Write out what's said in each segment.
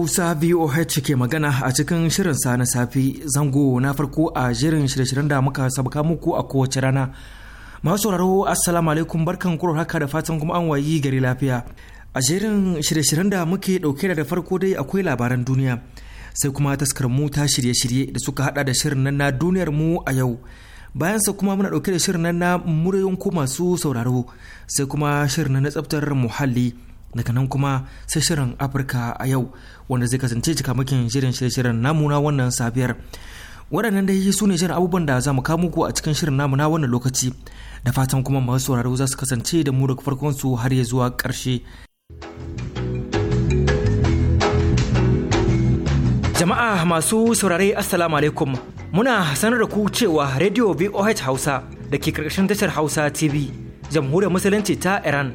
Hausa VOH ke magana a cikin shirin sa na safi zango na farko a jirin shirye-shiryen da muka sabuka muku a kowace rana. Masu sauraro Assalamu alaikum barkan kuro haka da fatan kuma an wayi gari lafiya. A jerin shirye-shiryen da muke dauke da farko dai akwai labaran duniya sai kuma taskar mu ta shirye-shirye da suka hada da shirin nan na duniyar mu a yau. bayan sa kuma muna dauke da shirin nan na muryoyin ku masu sauraro sai kuma shirin na tsaftar muhalli daga nan kuma sai shirin afirka a yau wanda zai kasance cikamakin shirin shirin namuna wannan safiyar waɗannan dai su ne shirin abubuwan da za mu kamo ku a cikin shirin namuna wannan lokaci da fatan kuma masu sauraro za su kasance da mu daga farkon su har ya zuwa ƙarshe jama'a masu saurare assalamu alaikum muna sanar da ku cewa radio voh hausa da ke karkashin tashar hausa tv jamhuriyar musulunci ta iran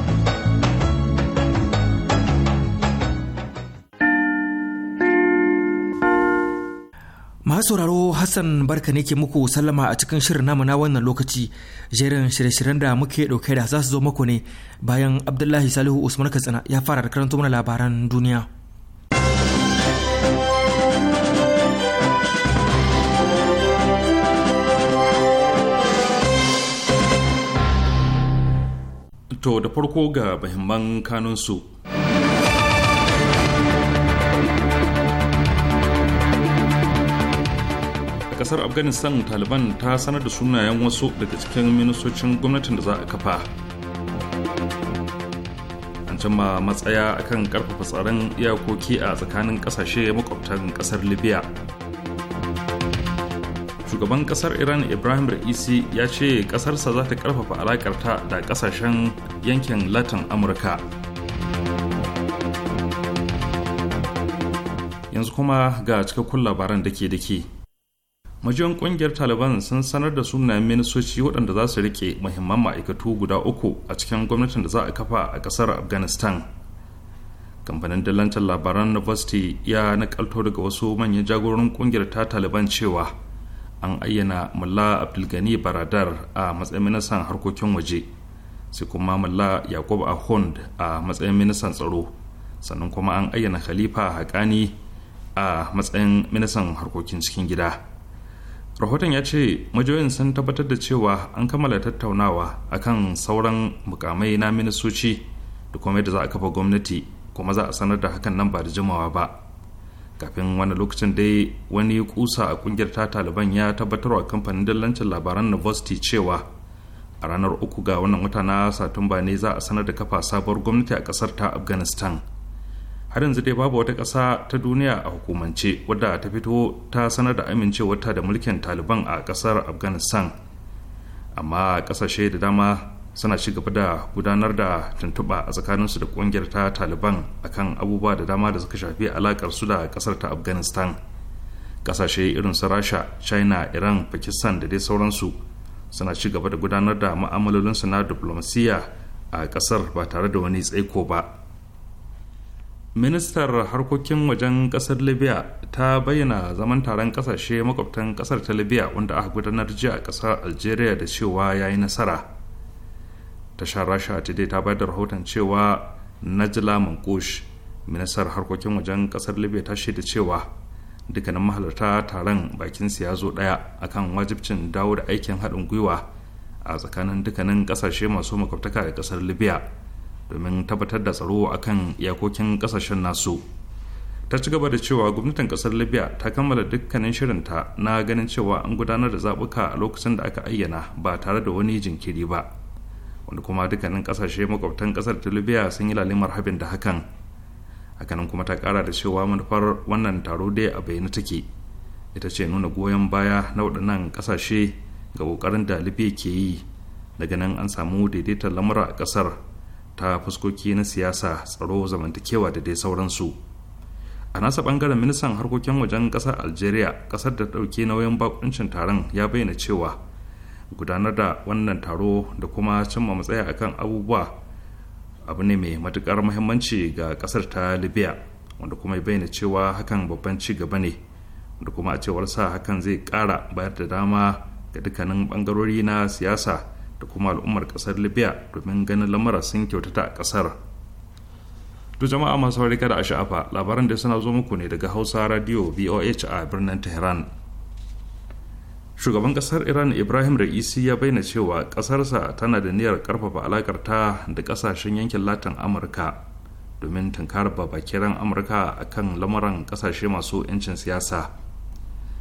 Masu sauraro Hassan barka ne ke muku sallama a cikin shirin namu na wannan lokaci jerin shirye-shiryen da muke ɗauke da za su zo muku ne bayan Abdullahi Salihu Usman Katsina ya fara da karanta mana labaran duniya. To da farko ga mahimman kanunsu kasar afghanistan taliban ta sanar da sunayen wasu daga cikin ministocin gwamnatin da za a kafa an cimma matsaya akan karfafa tsaron iyakoki a tsakanin kasashe makwabtan kasar libya shugaban kasar iran ibrahim Raisi ya ce kasarsa za ta karfafa alakarta da kasashen yankin latin amurka yanzu kuma ga cikakkun labaran da ke da ke majiyar kungiyar taliban sun sanar da sunayen ministoci waɗanda za su rike muhimman ma'aikatu guda uku a cikin gwamnatin da za a kafa a ƙasar afghanistan kamfanin dillancin labaran university ya nakalto daga wasu manyan jagororin kungiyar ta taliban cewa an ayyana mulla abdulgani baradar a matsayin ministan harkokin waje sai kuma mulla yakub ahund a matsayin ministan tsaro sannan kuma an ayyana khalifa haƙani a matsayin ministan harkokin cikin gida. rahoton ya ce majoyin sun tabbatar da cewa an kammala tattaunawa a kan sauran mukamai na ministoci da kuma yadda za a kafa gwamnati kuma za a sanar da hakan nan ba da jimawa ba kafin wani lokacin dai wani kusa a kungiyar ta taliban ya tabbatar wa kamfanin dillancin labaran novosti cewa a ranar uku ga wannan wata na satumba ne za a sanar da kafa sabuwar gwamnati a kasar ta afghanistan har yanzu dai babu wata ƙasa ta duniya a hukumance wadda ta fito ta sanar da amincewarta da mulkin taliban a ƙasar afghanistan amma ƙasashe da dama suna ci gaba da gudanar da tuntuɓa a tsakaninsu da ƙungiyar ta taliban akan abubuwa da dama da suka shafi alaƙar su da ƙasar ta afghanistan ƙasashe irin su rasha china iran pakistan da dai sauransu suna ci gaba da gudanar da ma'amalolinsu na diplomasiya a ƙasar ba tare da wani tsaiko ba ministar harkokin wajen kasar libya ta bayyana zaman taron kasashe makwabtan kasar ta libya wanda aka gudanar jiya a kasar algeria da cewa ya yi nasara tasha rasha today ta bayar da rahoton cewa najla mankush ministar harkokin wajen kasar libya ta shaida cewa dukkanin mahalarta taron bakin su ya zo daya akan wajibcin dawo da aikin haɗin gwiwa a tsakanin dukkanin kasashe masu makwabtaka da kasar libya domin tabbatar da tsaro akan kan iyakokin kasashen nasu ta ci gaba da cewa gwamnatin kasar libya ta kammala dukkanin shirinta na ganin cewa an gudanar da zaɓuka a lokacin da aka ayyana ba tare da wani jinkiri ba wanda kuma dukkanin kasashe makwabtan kasar ta libya sun yi lalimar habin da hakan hakanan kuma ta kara da cewa manufar wannan taro dai a bayyana take ita ce nuna goyon baya na waɗannan kasashe ga ƙoƙarin da libya ke yi daga nan an samu daidaitar lamura a ƙasar ta fuskoki na siyasa tsaro zamantakewa da dai sauransu a nasa bangaren ministan harkokin wajen kasar algeria kasar da dauke nauyin bakuncin taron ya bayyana cewa gudanar da wannan taro da kuma cimma matsaya akan abubuwa abu ne mai matukar muhimmanci ga kasar ta libya wanda kuma ya bayyana cewa hakan babban ci gaba ne wanda kuma a cewar sa hakan zai kara bayar da dama ga dukkanin bangarori na siyasa da kuma al'ummar kasar libya domin ganin lamura sun kyautata a kasar to jama'a masu harika da asha'afa labaran da suna zo muku ne daga hausa radio voh a birnin tehran shugaban kasar iran ibrahim ra'isi ya bayyana cewa kasarsa tana da niyyar karfafa alakar ta da kasashen yankin latin amurka domin tunkarar babakiran amurka akan lamuran kasashe masu 'yancin siyasa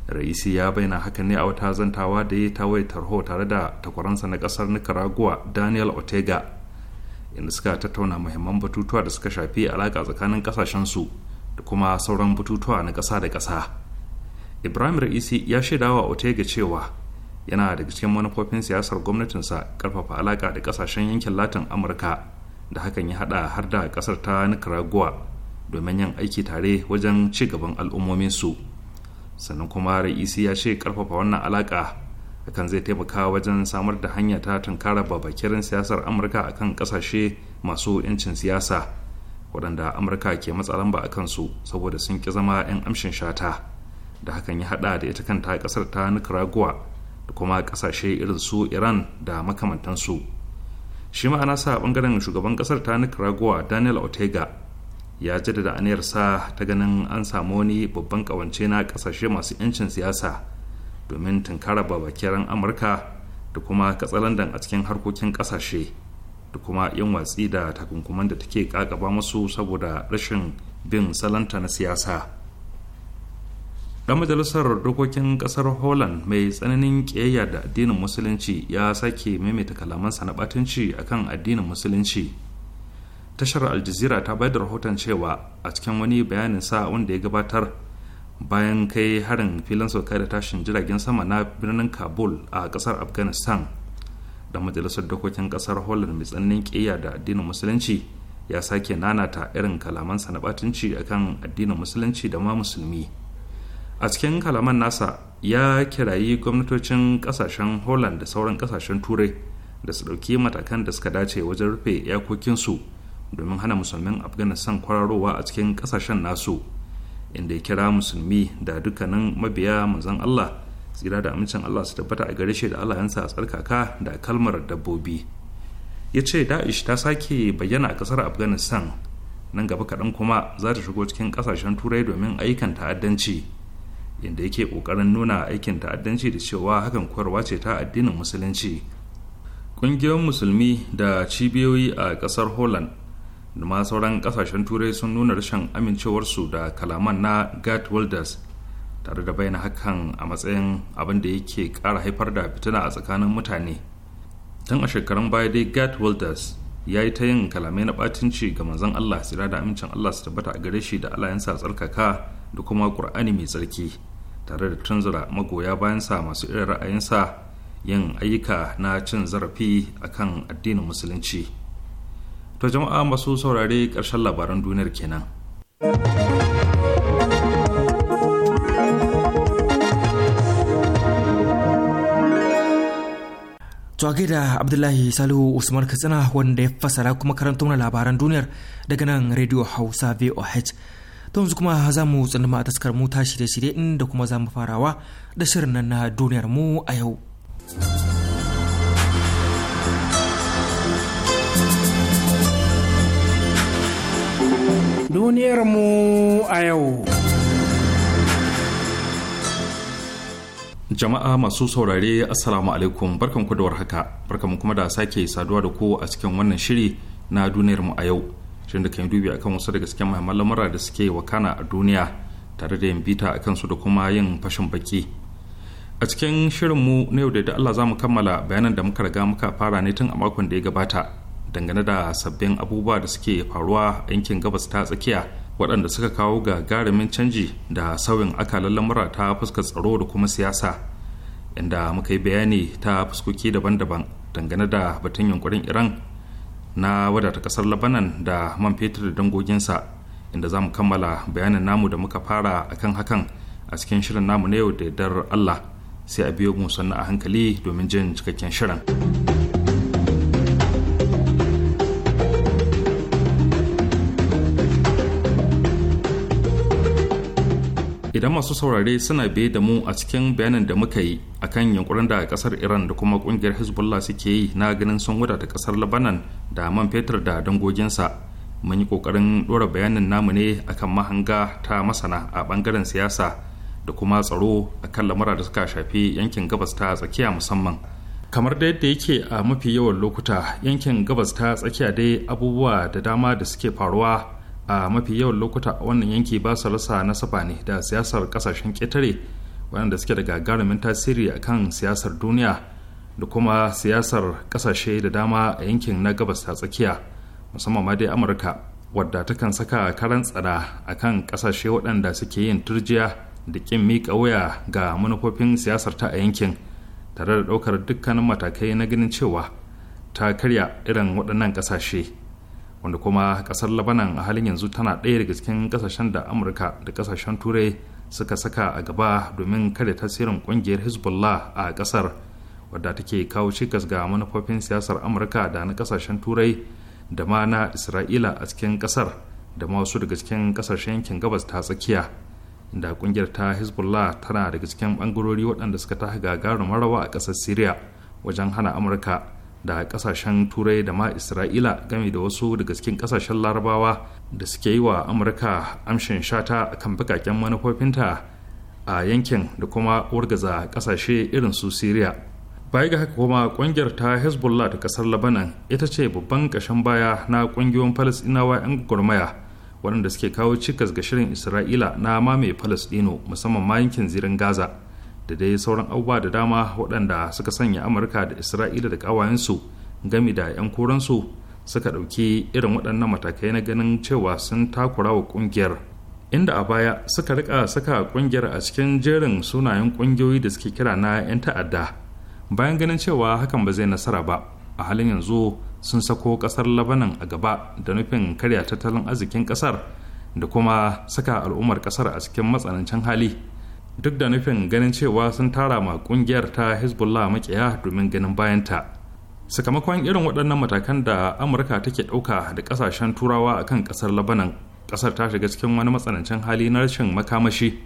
raisi ya bayyana hakan ne a wata zantawa da ya ta waye tarho tare da takwaransa na kasar nicaragua daniel ortega inda suka tattauna muhimman batutuwa da suka shafi alaƙa tsakanin ƙasashensu da kuma sauran batutuwa na ƙasa da ƙasa ibrahim raisi ya shaida wa ortega cewa yana daga cikin manufofin siyasar gwamnatinsa karfafa alaƙa da ƙasashen yankin latin amurka da hakan ya haɗa har da ƙasar ta nicaragua domin yin aiki tare wajen ci gaban al'ummominsu su sannan kuma ra'isi ya ce karfafa wannan alaka hakan zai taimaka wajen samar da hanya ta tunkara babakirin siyasar amurka akan kasashe masu 'yancin siyasa waɗanda amurka ke matsalan ba a su saboda sun ki zama 'yan amshin shata da hakan ya haɗa da ita kanta ƙasar ta nicaragua da kuma ƙasashe irin su iran da makamantansu shi ma'ana sa ɓangaren shugaban ƙasar ta nicaragua daniel ortega ya jaddada aniyarsa ta ganin an samu wani babban kawance na kasashe masu 'yancin siyasa domin tunkara babakiran amurka da kuma katsalandan a cikin harkokin kasashe da kuma yin watsi da takunkuman da take kakaba masu saboda rashin bin salanta na siyasa dan majalisar dokokin kasar holland mai tsananin ƙiyayya da addinin musulunci ya sake maimaita kalamansa na batunci akan addinin musulunci tashar aljazira ta bayar da rahoton cewa a cikin wani bayanin sa wanda ya gabatar bayan kai harin filin sauka da tashin jiragen sama na birnin kabul a kasar afghanistan da majalisar dokokin kasar holland mai tsananin ƙiyya da addinin musulunci ya sake nanata irin kalaman sa na batunci akan addinin musulunci da ma musulmi a cikin kalaman nasa ya kirayi gwamnatocin kasashen holland da sauran kasashen turai da su ɗauki matakan da suka dace wajen rufe iyakokinsu domin hana musulmin afghanistan kwararowa a cikin kasashen nasu inda ya kira musulmi da dukkanin mabiya manzon allah tsira da amincin allah su tabbata a gare shi da allah yansa a tsarkaka da kalmar dabbobi ya ce da'ish ta sake bayyana a kasar afghanistan nan gaba kaɗan kuma za ta shigo cikin kasashen turai domin ayyukan ta'addanci inda yake ƙoƙarin nuna aikin ta'addanci da cewa hakan koyarwa ce ta addinin musulunci ƙungiyoyin musulmi da cibiyoyi a ƙasar holland da sauran kasashen turai sun nuna rashin amincewarsu da kalaman na gat wilders tare da bayyana hakan a matsayin abin da yake kara haifar da fitina a tsakanin mutane tun a shekarun baya dai gat wilders ya yi ta yin kalamai na batinci ga manzon allah sira da amincin allah su tabbata a gare shi da alayansa tsarkaka da kuma ƙur'ani mai tsarki tare da tunzura magoya bayansa masu irin ra'ayinsa yin ayyuka na cin zarafi akan addinin musulunci to jama'a masu saurare karshen labaran duniyar kenan. a da Abdullahi Salihu Usman Katsina wanda ya fasara kuma karanta mana labaran duniyar daga nan Radio Hausa VOH. To yanzu kuma za mu ma a taskar mu ta shirye-shirye inda kuma za mu farawa da shirin nan na duniyar mu a yau. Duniyarmu a yau. Jama'a masu saurare Assalamu alaikum barkanku da warhaka barkanku kuma da sake saduwa da ku a cikin wannan shiri na duniyarmu a yau. Shirin da kan dubi akan wasu daga cikin mahimman lamura da suke wakana a duniya tare da yin bita akan su da kuma yin fashin baki. A cikin shirin mu na yau da Allah za mu kammala bayanan da muka riga muka fara ne tun a makon da ya gabata dangane da sabbin abubuwa da suke faruwa a yankin gabas ta tsakiya waɗanda suka kawo ga garimin canji da sauyin akalin lamura ta fuskar tsaro da kuma siyasa inda muka yi bayani ta fuskoki daban-daban dangane da batun yunkurin iran na wadata kasar labanan da man fetur da dangoginsa inda za mu kammala bayanin namu da muka fara akan hakan a cikin shirin namu na yau da yardar allah sai a biyo mu sannan a hankali domin jin cikakken shirin. idan masu saurare suna biye da mu a cikin bayanin da muka yi akan yankunan da kasar iran da kuma kungiyar hezbollah suke yi na ganin sun da kasar labanan da man fetur da dangoginsa mun yi kokarin dora bayanin namu ne akan mahanga ta masana a bangaren siyasa da kuma tsaro akan lamura da suka shafi yankin gabas ta tsakiya musamman kamar da yadda yake a mafi yawan lokuta yankin gabas ta tsakiya dai abubuwa da dama da suke faruwa a mafi yawan lokuta wannan yanki ba su rasa nasaba ne da siyasar kasashen ƙetare waɗanda suke da gagarumin tasiri a kan siyasar duniya da kuma siyasar ƙasashe da dama a yankin na gabas ta tsakiya musamman ma dai amurka wadda ta kan saka karan tsada a kan ƙasashe waɗanda suke yin turjiya da ƙin miƙa wuya ga manufofin siyasar ta a yankin tare da ɗaukar dukkanin matakai na ganin cewa ta karya irin waɗannan ƙasashe wanda kuma kasar labanan a halin yanzu tana ɗaya daga cikin kasashen da amurka da kasashen turai suka saka a gaba domin kada tasirin ƙungiyar hezbollah a ƙasar wadda take kawo cikas ga manufofin siyasar amurka da na kasashen turai da ma na isra'ila a cikin kasar da ma wasu daga cikin kasashen yankin gabas ta tsakiya inda ƙungiyar ta hezbollah tana daga cikin bangarori waɗanda suka ta gagarumar rawa a ƙasar syria wajen hana amurka da kasashen turai da ma isra'ila game da wasu daga cikin kasashen larabawa da suke yi wa amurka amshin shata kan bakaken manufofinta a yankin da kuma wargaza kasashe irin su syria baya ga haka kuma kungiyar ta hezbollah ta kasar labanan ita ce babban kashen baya na kungiyoyin falastinawa 'yan gwagwarmaya waɗanda suke kawo cikas ga shirin isra'ila na mamaye falasɗino musamman ma yankin zirin gaza da dai sauran abubuwa da dama waɗanda suka sanya amurka da isra'ila da ƙawayensu gami da 'yan koransu suka ɗauki irin waɗannan matakai na ganin cewa sun takura wa ƙungiyar inda a baya suka rika saka ƙungiyar a cikin jerin sunayen ƙungiyoyi da suke kira na 'yan ta'adda bayan ganin cewa hakan ba zai nasara ba a halin yanzu sun sako ƙasar labanan a gaba da nufin karya tattalin arzikin ƙasar da kuma saka al'ummar ƙasar a cikin matsanancin hali duk da nufin ganin cewa sun tara ma kungiyar ta hezbollah makiya domin ganin bayanta sakamakon irin waɗannan matakan da amurka take ɗauka da ƙasashen turawa a kan ƙasar labanan ƙasar ta shiga cikin wani matsanancin hali na rashin makamashi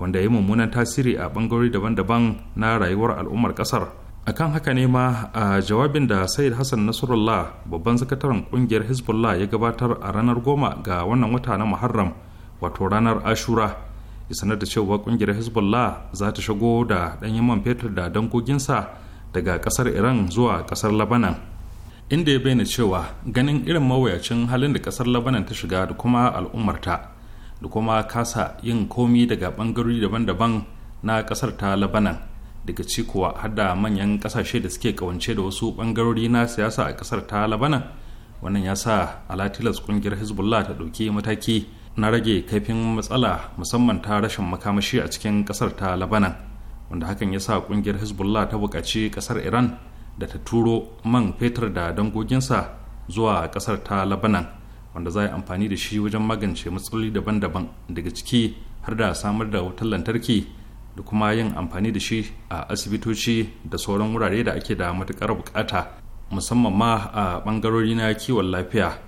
wanda ya yi mummunan tasiri a ɓangarori daban-daban na rayuwar al'ummar ƙasar akan haka ne ma a jawabin da sayid hassan nasrullah babban sakataren kungiyar hezbollah ya gabatar a ranar goma ga wannan wata na muharram wato ranar ashura ya sanar da cewa kungiyar hezbollah za ta shigo da ɗanyen man fetur da dangoginsa daga ƙasar iran zuwa ƙasar labanan inda ya bayyana cewa ganin irin mawuyacin halin da ƙasar labanan ta shiga da kuma al'ummarta da kuma kasa yin komi daga ɓangarori daban-daban na ƙasar ta labanan daga ci kuwa har da manyan ƙasashe da suke kawance da wasu ɓangarori na siyasa a ƙasar ta labanan wannan ya sa alatilas ƙungiyar hezbollah ta ɗauki mataki na rage kaifin matsala musamman ta rashin makamashi a cikin kasar ta labanan wanda hakan ya sa kungiyar hezbollah ta buƙaci kasar iran da ta turo man fetur da dangoginsa zuwa kasar ta labanan wanda za a yi amfani da shi wajen magance matsaloli daban-daban daga ciki har da samar da wutar lantarki da kuma yin amfani da shi a asibitoci da sauran wurare da ake da matuƙar buƙata musamman ma a ɓangarori na kiwon lafiya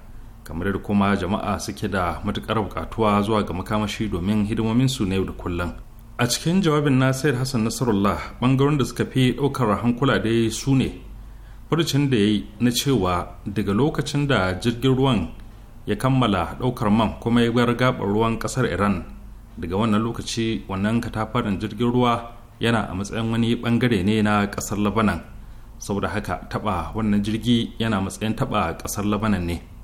kamar da kuma jama'a suke da matukar bukatuwa zuwa ga makamashi domin hidimominsu na yau da kullum a cikin jawabin na sayar hassan nasarullah bangaren da suka fi daukar hankula yi su ne furucin da ya yi na cewa daga lokacin da jirgin ruwan ya kammala daukar man kuma ya gwar gabar ruwan kasar iran daga wannan lokaci wannan katafaren jirgin ruwa yana a matsayin wani bangare ne na kasar labanan saboda haka taba wannan jirgi yana matsayin taba kasar labanan ne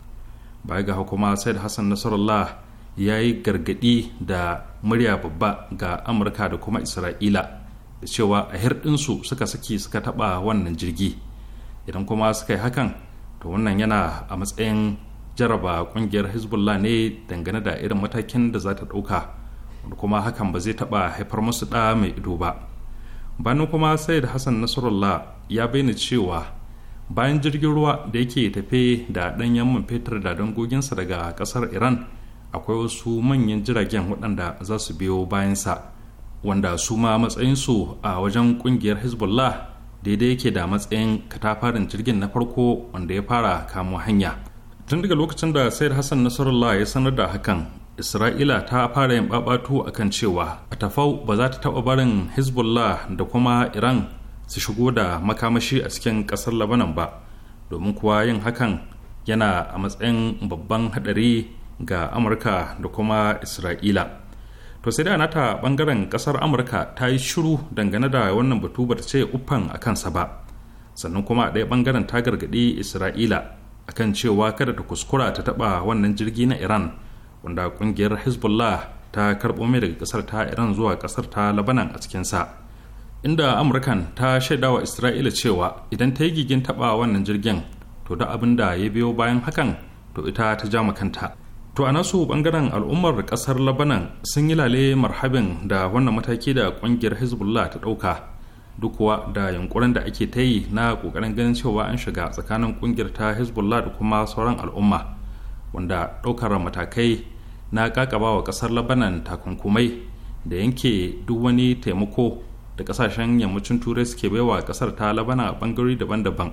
baya ga hukuma said hassan nasarallah ya yi gargadi da murya babba ga amurka da kuma isra'ila da cewa a hirɗinsu suka saki suka taɓa wannan jirgi idan kuma suka yi hakan to wannan yana a matsayin jaraba ƙungiyar hezbollah ne dangane da irin matakin da za ta ɗauka wanda kuma hakan ba zai taɓa haifar musu ɗa mai ido ba bayan kuma said hassan nasarallah ya bayyana cewa bayan jirgin ruwa da yake tafe da ɗanyen man fetur da dangoginsa daga ƙasar iran akwai wasu manyan jiragen waɗanda za su biyo bayansa wanda su ma matsayinsu a wajen ƙungiyar hezbollah daidai yake da matsayin katafarin jirgin na farko wanda ya fara kamo hanya tun daga lokacin da sayar hassan nasarullah ya sanar da hakan isra'ila ta fara yin babatu akan cewa a tafau ba za ta taɓa barin hezbollah da kuma iran su shigo da makamashi a cikin ƙasar labanan ba domin kuwa yin hakan yana a matsayin babban haɗari ga amurka da kuma isra'ila to sai da nata bangaren kasar amurka ta yi shiru dangane da wannan batu ba ta ce uffan a kansa ba sannan kuma a ɗaya bangaren ta gargaɗi isra'ila akan cewa kada ta kuskura ta taɓa wannan jirgi na iran wanda ƙungiyar hezbollah ta karɓo mai daga ƙasar ta iran zuwa ƙasar ta labanan a cikinsa inda amurkan ta shaida wa isra'ila cewa idan ta yi gigin taɓa wannan jirgin to da abin da ya biyo bayan hakan to ita ta ja makanta to a nasu bangaren al'ummar kasar labanan sun yi lale marhabin da wannan mataki da kungiyar hezbollah ta dauka duk kuwa da yunkurin da ake ta yi na kokarin ganin cewa an shiga tsakanin kungiyar ta hezbollah da kuma sauran al'umma wanda daukar matakai na kakaba wa kasar labanan takunkumai da yanke duk wani taimako da kasashen yammacin turai suke baiwa kasar ta labana a bangarori daban-daban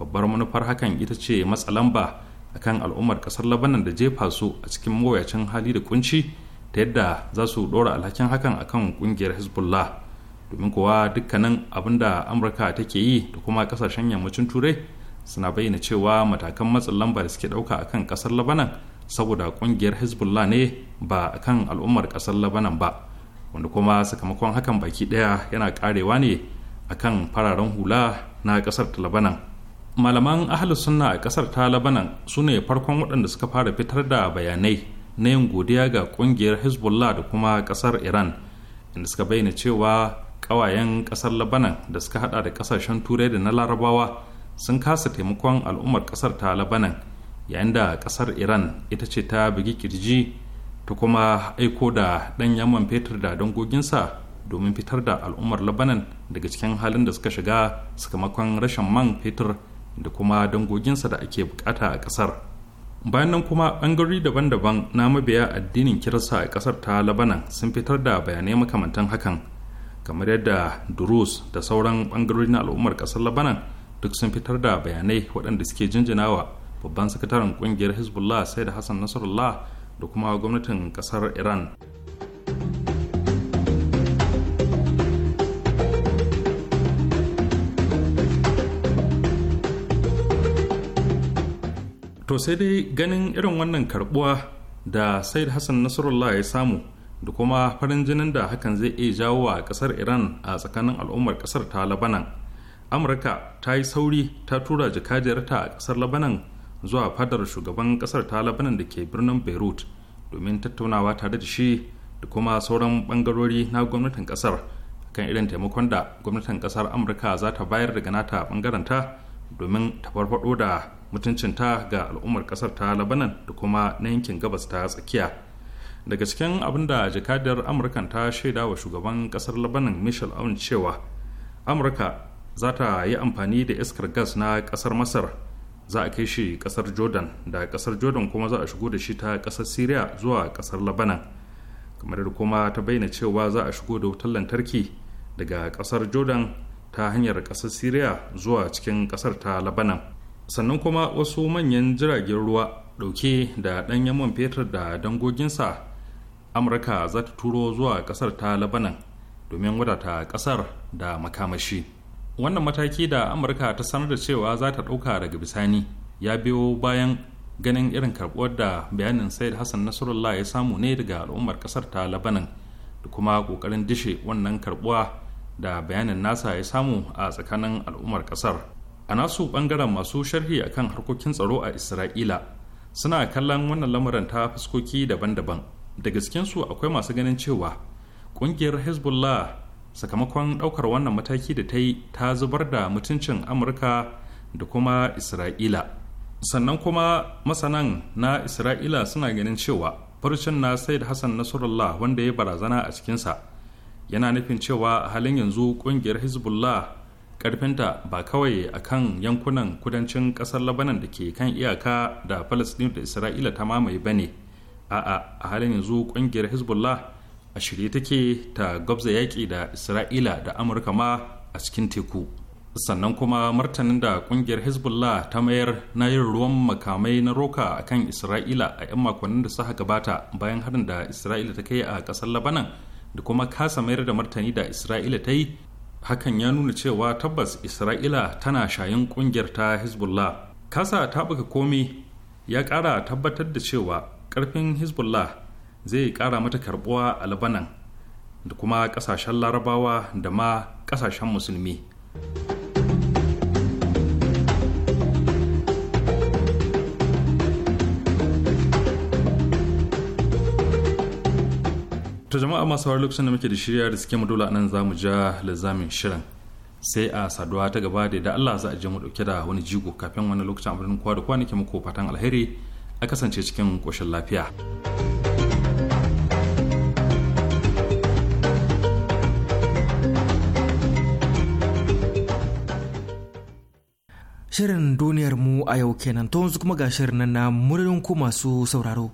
babbar manufar hakan ita ce matsa lamba akan al'ummar kasar labanan da jefa su a cikin mawuyacin hali da kunci ta yadda za su dora alhakin hakan akan kungiyar hezbollah domin kuwa dukkanin abin da amurka take yi da kuma kasashen yammacin turai suna bayyana cewa matakan matsin lamba da suke dauka akan kasar labanan saboda kungiyar hezbollah ne ba akan al'ummar kasar labanan ba wanda kuma sakamakon hakan baki daya yana karewa ne akan fararen hula na kasar ta labanan malaman ahalus sunna a kasar ta labanan su ne farkon waɗanda suka fara fitar da bayanai na yin godiya ga ƙungiyar hezbollah da kuma kasar iran inda suka bayyana cewa ƙawayen kasar labanan da suka hada da kasashen turai da na larabawa sun kasa taimakon al'ummar kasar ta labanan yayin da kasar iran ita ce ta bugi kirji ta kuma aiko da ɗan yaman fetur da dangoginsa domin fitar da al'ummar labanan daga cikin halin da suka shiga sakamakon rashin man fetur da kuma dangoginsa da ake bukata a ƙasar bayan nan kuma ɓangare daban-daban na mabiya addinin kirista a ƙasar ta labanan sun fitar da bayanai makamantan hakan kamar yadda durus da sauran ɓangarori na al'ummar ƙasar labanan duk sun fitar da bayanai waɗanda suke jinjinawa babban sakataren ƙungiyar hezbollah sai da hassan nasarullah da kuma gwamnatin kasar iran to sai dai ganin irin wannan karbuwa da said hassan nasarullah ya samu da kuma farin jinin da hakan zai iya jawo wa kasar iran a tsakanin al'ummar kasar ta labanan amurka ta yi sauri ta tura ta a kasar labanan zuwa fadar shugaban kasar ta labanan da ke birnin beirut domin tattaunawa tare da shi da kuma sauran bangarori na gwamnatin kasar kan irin taimakon da gwamnatin kasar amurka za ta bayar daga nata bangaranta domin ta farfado da mutuncinta ga al'ummar kasar ta labanan da kuma na yankin gabas ta tsakiya daga cikin abin da jakadiyar amurkan ta shaida wa shugaban kasar labanan michel aun cewa amurka za ta yi amfani da iskar gas na kasar masar za a kai shi kasar jordan da kasar jordan kuma za a shigo da shi ta kasar syria zuwa kasar labanan kamar da kuma ta bayyana cewa za a shigo da wutar lantarki daga kasar jordan ta hanyar kasar syria zuwa cikin kasar ta labanan sannan kuma wasu manyan jiragen ruwa dauke da ɗanyen man fetur da dangoginsa amurka za ta turo zuwa kasar ta labanan domin wadata kasar da makamashi wannan mataki da amurka ta sanar da cewa za ta ɗauka daga bisani ya biyo bayan ganin irin karɓuwar da bayanin said hassan nasarullah ya samu ne daga al'ummar ƙasar ta labanan da kuma ƙoƙarin dishe wannan karɓuwa da bayanin nasa ya samu a tsakanin al'ummar ƙasar a nasu ɓangaren masu sharhi akan harkokin tsaro a isra'ila suna kallon wannan lamarin ta fuskoki daban-daban da su akwai masu ganin cewa ƙungiyar hezbollah sakamakon ɗaukar wannan mataki da ta yi ta zubar da mutuncin amurka da kuma isra'ila sannan kuma masanan na isra'ila suna ganin cewa farcin na sai da hassan nasrullah wanda ya barazana a cikinsa yana nufin cewa a halin yanzu kungiyar hezbollah karfinta ba kawai a kan yankunan kudancin kasar labanan da ke kan iyaka da palestine da isra'ila ta mamaye ba ne a'a a halin yanzu kungiyar hezbollah a shirye take ta gwabza yaƙi da isra'ila da amurka ma a cikin teku sannan kuma martanin da ƙungiyar hezbollah ta mayar na yin ruwan makamai na roka a kan isra'ila a 'yan makonnin da suka gabata bayan harin da isra'ila ta kai a ƙasar labanan da kuma kasa mayar da martani da isra'ila ta yi hakan ya nuna cewa tabbas isra'ila tana shayin ƙungiyar ta hezbollah kasa ta buga komai ya ƙara tabbatar da cewa ƙarfin hezbollah zai ƙara mata karbuwa a labanan da kuma ƙasashen larabawa da ma ƙasashen musulmi ta jama'a masu wari lokacin da muke da shirya da suke dole nan za mu ja lizamin shirin sai a saduwa ta gaba da da Allah za a je mu dauke da wani jigo kafin wani lokacin abin kwa da nake muku fatan alheri a kasance cikin koshin lafiya. Shirin duniyar mu a yau kenan to yanzu kuma ga shirin nan na muryoyin ku masu sauraro.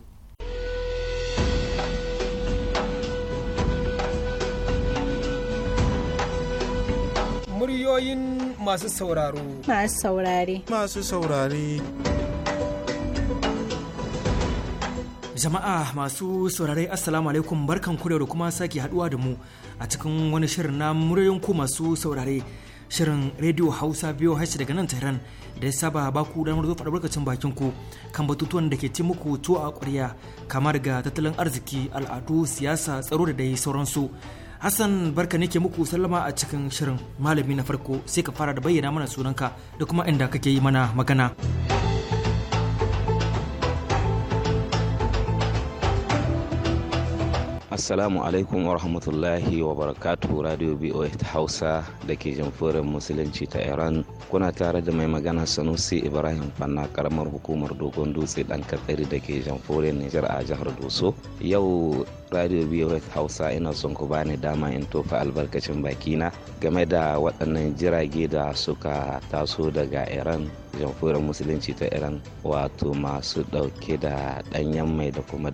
Muryoyin masu sauraro. Masu saurare. Masu saurare. Jama'a masu saurare Assalamu alaikum barkan ku da kuma sake haduwa da mu a cikin wani shirin na muryoyin ku masu saurare. shirin radio hausa biyu hashi daga nan tehran da ya saba baku damar zo albarkacin bakin ku kan batutuwan da ke ci muku tuwo a ƙwarya kamar ga tattalin arziki al'adu siyasa tsaro da dai sauransu hassan barka ne ke muku sallama a cikin shirin malami na farko sai ka fara da bayyana mana sunanka da kuma inda kake yi mana magana. assalamu alaikum wa rahmatullahi wa barakatuhu radio boa ta hausa da ke jamfurin musulunci ta iran kuna tare da mai magana sanusi ibrahim fanna karamar hukumar dogon dutse dan katsari da ke jamfurin nijar a jihar doso yau radio biyu hausa ina son ku bani dama in tofa albarkacin bakina game da waɗannan jirage da suka taso daga iran jamhuriyar musulunci ta iran wato masu ɗauke da ɗanyen mai da kuma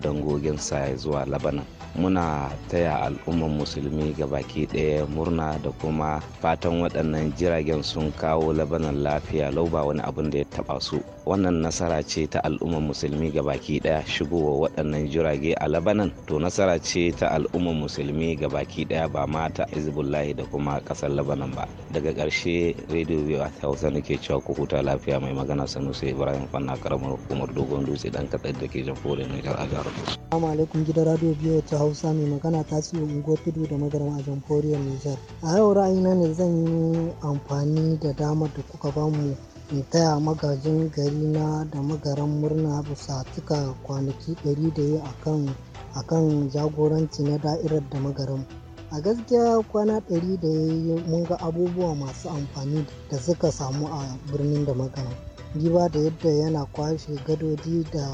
sa zuwa labanan muna taya al'ummar musulmi ga baki ɗaya murna da kuma fatan waɗannan jiragen sun kawo labanan lafiya lau ba wani abin da ya taɓa su wannan nasara ce ta al'ummar musulmi ga baki ɗaya shigowa waɗannan jirage a labanan to nasara nasara ce ta al'ummar musulmi ga baki daya ba ma ta hezbollah da kuma kasar labanan ba daga karshe radio biyu a hausa nake cewa ku huta lafiya mai magana sanusi ibrahim fanna karamar hukumar dogon dutse dan katsar da ke jamhuriyar nijar a jihar assalamu alaikum gidan radio biyu ta hausa mai magana ta siyo ungo tudu da magaran a jamhuriyar nijar a yau ra'ayina ne zan yi amfani da damar da kuka bamu in taya magajin gari na da magaran murna bisa tuka kwanaki ɗari da yi a kan a kan jagoranci na da'irar da magaram a gaskiya kwana ɗari da ya yi mun ga abubuwa masu amfani da suka samu a birnin da magana giba da yadda yana kwashe gadoji da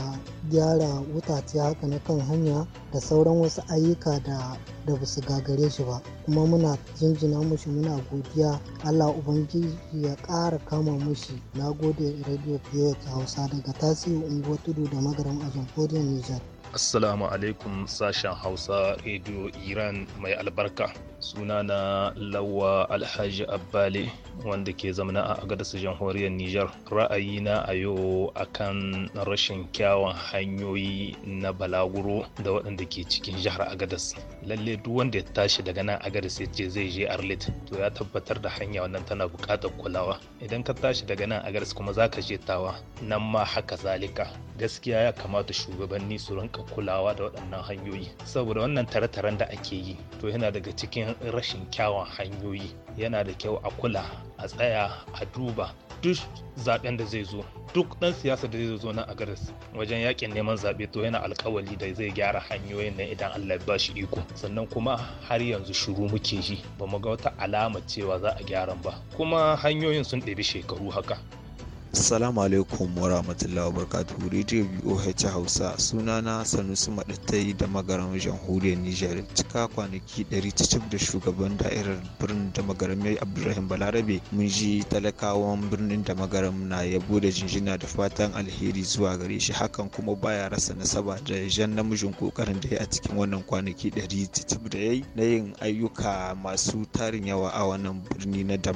gyara wutace haka na kan hanya da sauran wasu ayyuka da da ba su gagare shi ba kuma muna jinjina mushi muna godiya allah ubangiji ya ƙara kama mushi na gode radio ph hausa daga tasiri unguwar tudu da magaram a jamhuriyar nijar assalamu alaikum sashen hausa radio iran mai albarka suna na lawa alhaji abbali wanda ke zamana a agadasa jamhuriyar nijar ra'ayina a yau akan rashin kyawun hanyoyi na balaguro da waɗanda ke cikin jihar agadas lalle duk wanda ya tashi daga nan agadas ya ce zai je arlit to ya tabbatar da hanya wannan tana buƙatar kulawa idan ka tashi daga nan agadas kuma za ka je tawa nan ma haka zalika gaskiya ya kamata shugabanni su rinka kulawa da waɗannan hanyoyi saboda wannan tare-taren da ake yi to yana daga cikin rashin kyawun hanyoyi yana da kyau a kula a tsaya a duba duk zaben da zai zo duk dan siyasa da zai zo nan a garis wajen yakin neman zaɓe to yana alkawali da zai gyara hanyoyin nan idan Allah ba shi iko sannan kuma har yanzu shuru muke ji ba mu ga wata alama cewa za a gyaran ba kuma hanyoyin sun ɗebi shekaru haka Assalamu alaikum wa rahmatullahi wa Radio BOH Hausa sunana Sanusi Maɗattai da magaran jamhuriyar Nijar cika kwanaki 100 da shugaban da'irar birnin da magaram Abdulrahim Balarabe mun ji talakawan birnin da na yabo da jinjina da fatan alheri zuwa gare shi hakan kuma baya rasa nasaba da jan namijin kokarin da ya a cikin wannan kwanaki 100 da yayi na yin ayyuka masu tarin yawa a wannan birni na da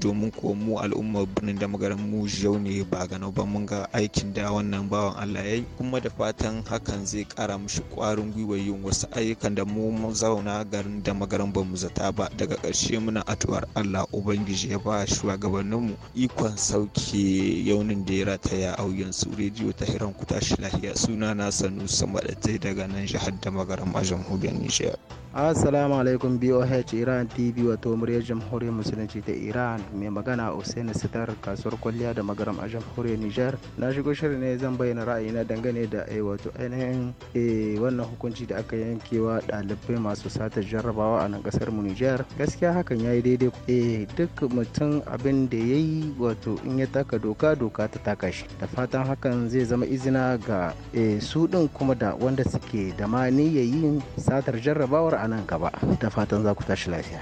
domin ko mu al'ummar birnin da magaram mu kyau ne ba gano ba mun ga aikin da wannan bawan Allah ya yi kuma da fatan hakan zai kara mishi kwarin gwiwar yin wasu ayyukan da mu mun zauna garin da magaran ba mu zata ba daga ƙarshe muna atuwar Allah ubangiji ya ba mu ikon sauke yaunin da ya rataya a su rediyo ta hiran ku tashi lahiya suna na sanu sama da daga nan jihar da magaran a jamhuriyar Nijar. assalamu alaikum boh iran tv wato muryar jamhuriyar musulunci ta iran mai magana usaini sitar kasuwar kwalliya da magaram a jamhuriyar nijar na shigo shirin ne zan bayyana ra'ayina dangane da A eh, wato ainihin eh, wannan hukunci da aka yankewa ɗalibai masu sata jarrabawa a nan kasar mu nijar gaskiya hakan ya yi daidai E duk mutum abin da ya yi wato in ya taka doka doka ta taka shi da fatan hakan zai zama izina ga su ɗin kuma da wanda suke da ma yin satar jarrabawar a nan gaba ta fatan za ku tashi lafiya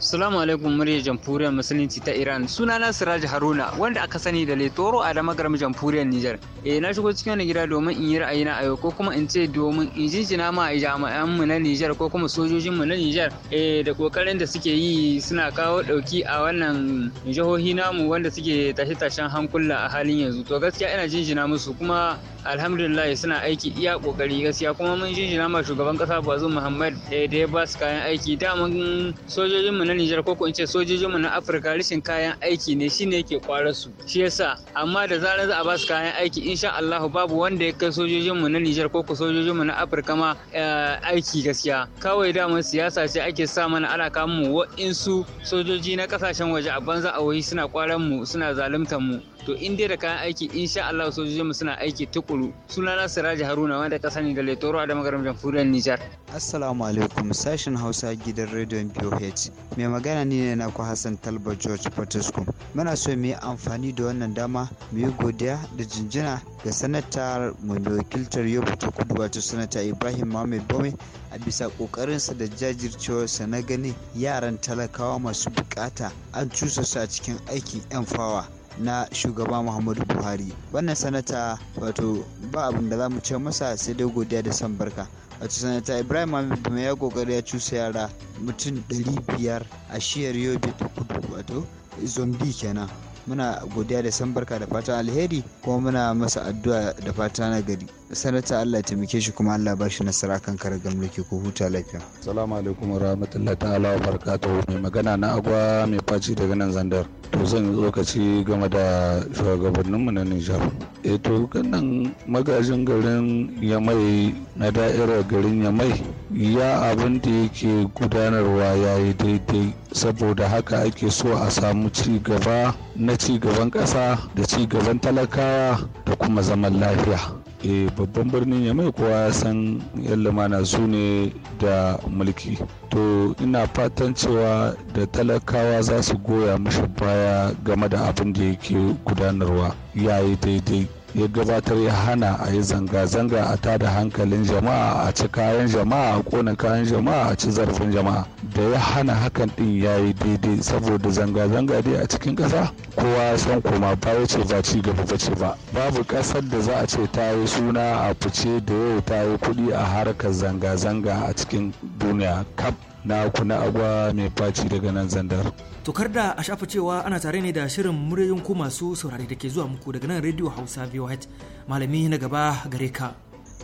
Salamu alaikum muryar jamhuriyar musulunci ta Iran sunana Siraj Haruna wanda aka sani da Letoro a da magaram jamhuriyar Nijar. Eh na shigo cikin wani gida domin in yi ra'ayina a yau ko kuma in ce domin in jinjina ma a jami'an mu na Nijar ko kuma sojojin mu na Nijar eh da kokarin da suke yi suna kawo dauki a wannan jihohi namu wanda suke tashe-tashen hankula a halin yanzu. To gaskiya ina jinjina musu kuma alhamdulillah suna aiki iya kokari gaskiya kuma mun jinjina ma shugaban kasa bazu muhammad da ya ba su kayan aiki mun sojojin mu na nijar ko in ce sojojin mu na afirka rashin kayan aiki ne shine yake kwarar su shi yasa amma da zarar za a ba su kayan aiki insha allahu babu wanda ya kai sojojin mu na nijar ko ku sojojin mu na afirka ma eh, aiki gaskiya kawai da mun siyasa ce ake sa mana ana mu wa'insu sojoji na kasashen waje a banza a wai suna kwaran mu suna zaluntar mu to in dai da kayan aiki insha allahu sojojin mu suna aiki tuk kulu sunana Siraji Haruna wanda ka sani da Letoro a damagaram jamhuriyar Nijar. Assalamu alaikum sashen Hausa gidan rediyon POH. Mai magana ni ne naku Hassan Talba George Fortescue. Muna so mu yi amfani da wannan dama mu yi godiya da jinjina ga sanatar mai wakiltar Yobe ta Kudu wato sanata Ibrahim Mohammed Bome a bisa kokarinsa da jajircewarsa na ganin yaran talakawa masu bukata an cusa su a cikin aikin 'yan fawa. na shugaba muhammadu buhari wannan sanata wato ba abin da za mu ce masa sai dai godiya da san barka wato sanata ibrahim da mai ya kokari ya cusa yara mutum biyar a shiyar yobe ta kudu wato zombi kenan muna godiya da san barka da fatan alheri kuma muna masa addu'a da fata na gari sanata Allah taimake shi kuma Allah ba shi nasara kan karagar mulki ko huta lafiya assalamu alaikum warahmatullahi ta'ala wa mai magana na agwa mai faci daga nan zandar to zan yi lokaci game da shugabanninmu na Nijar E, to kannan magajin garin Yamai na da'irar garin Yamai ya abin da yake gudanarwa ya yi daidai saboda haka ake so a samu ci gaba na ci gaban ƙasa da ci gaban talakawa da kuma zaman lafiya e babban birnin ya mai kowa ya san yan na su ne da mulki to ina fatan cewa da talakawa za su goya mashi baya game da abin da yake gudanarwa yayi daidai ya gabatar ya hana a yi zanga-zanga a tada hankalin jama'a a ci kayan jama'a a kona kayan jama'a a ci zarafin jama'a da ya hana hakan din ya yi daidai saboda zanga-zanga dai a cikin ƙasa kowa ya san koma baya ce ba ci gaba ba ce ba babu ƙasar da za a ce ta yi suna a fice da yau ta yi kuɗi a harkar zanga-zanga a cikin duniya kaf na kuna agwa mai faci daga nan zandar. Tokar da a shafa cewa ana tare ne da shirin muryoyin ku masu saurari da ke zuwa muku daga nan Radio Hausa VOH malami na gaba gare ka.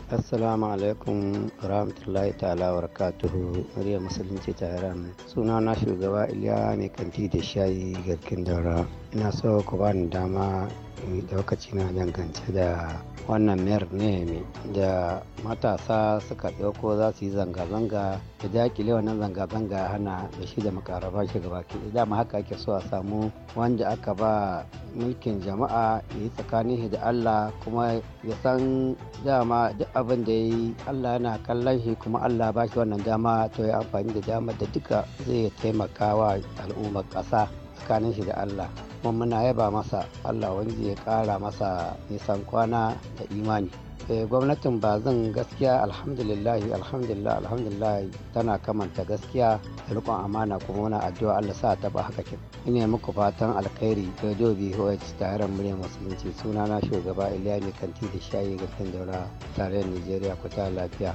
assalamu alaikum rahmatullahi ta'ala wa rakatuhu muryar musulunci ta iran suna na shugaba iliya mai kanti da shayi garkin daura ina so ku bani dama Eh, lokaci na dangance da wannan mayar ne da matasa suka ɗauko za su yi zanga-zanga da dakile wannan zanga-zanga hana da shi da makaraba shi gaba ke ma haka ake so a samu wanda aka ba mulkin jama'a ya yi tsakanin da allah kuma ya san dama duk abin da ya yi allah yana kallon shi kuma allah ba shi wannan dama to ya amfani da dama da duka zai taimaka wa al'ummar ƙasa tsakanin shi da Allah kuma muna yaba masa Allah wanda ya kara masa nisan kwana da imani eh, gwamnatin zan gaskiya alhamdulillahi alhamdulillah alhamdulillah tana kamanta gaskiya da rikon amana kuma muna addu'a Allah sa ta ba haka kin ina muku fatan alkhairi radio BOH taron murya musulunci sunana shugaba Iliya Kanti da shayi ga kan daura tare Nigeria ku ta lafiya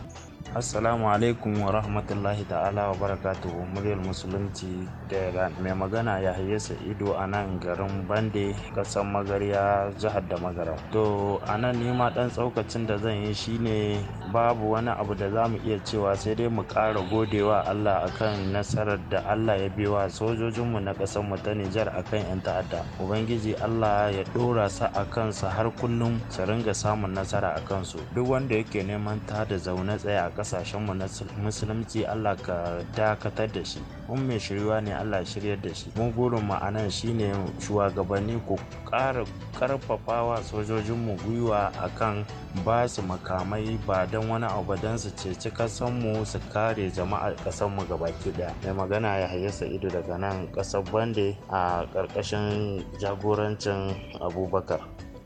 assalamu alaikum wa rahmatullahi ta'ala wa barakatuhu muryar musulunci da mai magana ya haye Ido a nan garin bande kasan magarya jihar da magara to a nan nema dan tsaukacin da zan yi shine babu wani abu da za mu iya cewa sai dai mu ƙara godewa allah akan nasarar da allah ya wa sojojinmu na ƙasar mu ta nijar akan yan ta'adda ubangiji allah ya ɗora su a kansa har kullum su ringa samun nasara a kansu duk wanda yake neman ta da zaune tsaye a mu na musulunci Allah ka dakatar da shi Mun mai shirywa ne Allah shiryar da shi mu burin mu anan shine shugabanni ku ƙara ƙarfafawa sojojinmu gwiwa akan ba su makamai ba don wani abu don su ceci mu su kare jama'ar kasanmu gabaki daya mai magana ya haye sa'idu daga nan kasar bande a ƙarƙashin jagorancin abubakar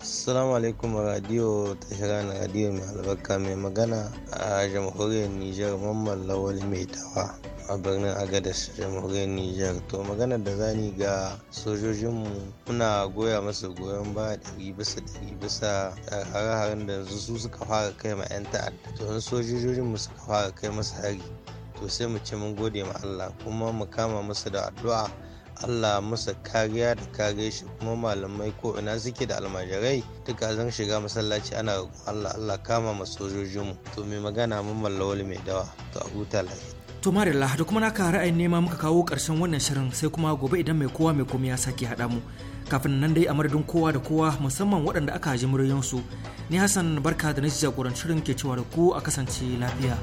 Assalamu alaikum radio tashar radio mai albarka mai magana a jamhuriyar Nijar Mamman Lawal mai tawa a birnin Agadas jamhuriyar Nijar. To magana da zani ga sojojinmu muna goya masu goyon ba ɗari bisa ɗari bisa hare-haren da yanzu su suka fara kai ma 'yan ta'adda. To in sojojinmu suka fara kai masu hari to sai mu ce mun gode ma Allah kuma mu kama musu da addu'a allah musa kariya da kare shi kuma malamai ko ina suke da almajirai duka zan shiga masallaci ana roƙon allah allah kama ma sojojinmu to mai magana mun mallawal mai dawa to a huta lafiya to marilla da kuma naka ra'ayin nema muka kawo ƙarshen wannan shirin sai kuma gobe idan mai kowa mai komai ya sake haɗa mu kafin nan dai a madadin kowa da kowa musamman waɗanda aka ji muryansu ni hassan barka da na jagorancin ke cewa da ku a kasance lafiya.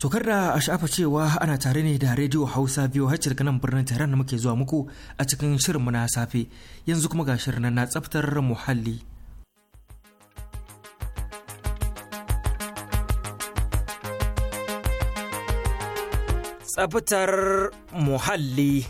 Tokar da a sha'afa cewa ana tare ne da rediyo Hausa biyu har daga nan birnin Tehran da muke zuwa muku a cikin shirin na safe yanzu kuma ga shirin na tsaftar muhalli. Tsaftar muhalli.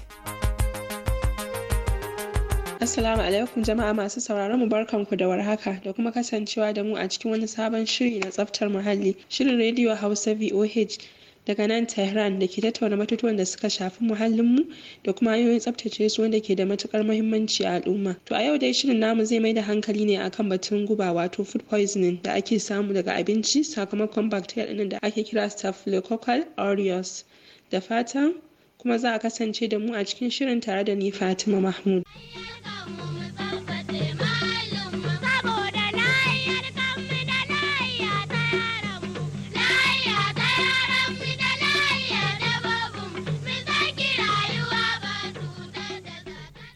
Assalamu alaikum jama'a masu sauraron mu barkanku da warhaka da kuma kasancewa da mu a cikin wani sabon shiri na tsaftar muhalli. Shirin rediyo Hausa VOH daga nan Tehran da ke tattauna matutuwan da suka shafi muhallinmu da kuma hanyoyin tsaftace su wanda ke da matukar muhimmanci a al'umma. To a yau dai shirin namu zai mai da hankali ne akan batun guba wato food poisoning da ake samu daga abinci sakamakon bacteria ɗin da ake kira Staphylococcal aureus. Da fatan kuma za a kasance da mu a cikin shirin tare da ni Fatima Mahmud.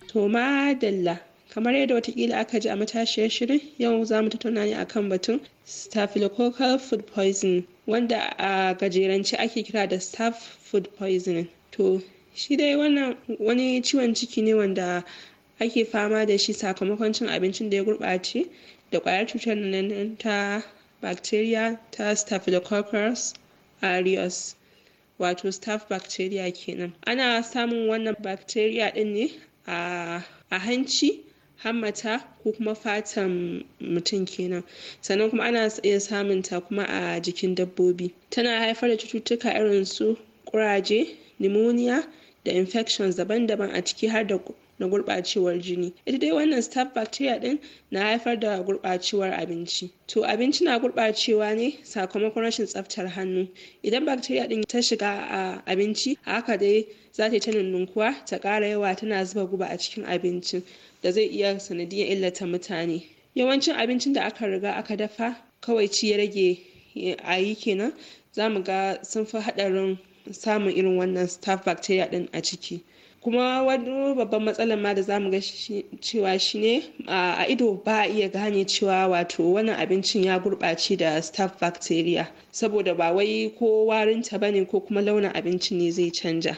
Toma madalla kamar yadda watakila aka ji a matashiyar shirin yau za mu tattauna ne kan batun staphylococcal food poisoning wanda a gajerance ake kira da staph food poisoning to shi dai wannan wani ciwon ciki ne wanda ake fama da shi sakamakon cin abincin da ya gurɓace da ƙwayar cutar nan ta bacteria ta staphylococcus aureus wato staph bacteria kenan ana samun wannan bacteria ɗin ne a hanci hammata ko kuma fatan mutum kenan sannan kuma ana iya samunta kuma a jikin dabbobi tana haifar da cututtuka irin su ƙuraje pneumonia da infections daban-daban a ciki har da na gurɓacewar jini ita dai wannan staph bacteria din na haifar da gurɓacewar abinci to abinci na gurɓacewa ne sakamakon rashin tsaftar hannu idan bacteria din ta shiga a abinci haka dai za ta yi ta nunkuwa ta kara yawa tana zuba guba a cikin abincin da zai iya sanadiyar illata mutane yawancin abincin da aka riga aka dafa kawai ci ya rage a yi kenan za mu ga sun fi haɗarin samun irin wannan staph bacteria din a ciki kuma wani babban matsalar ma da za mu ga cewa shi ne a ido ba a iya gane cewa wato wannan abincin ya gurɓaci da staph bacteria saboda ba wai ko warinta ne ko kuma launin abincin ne zai canja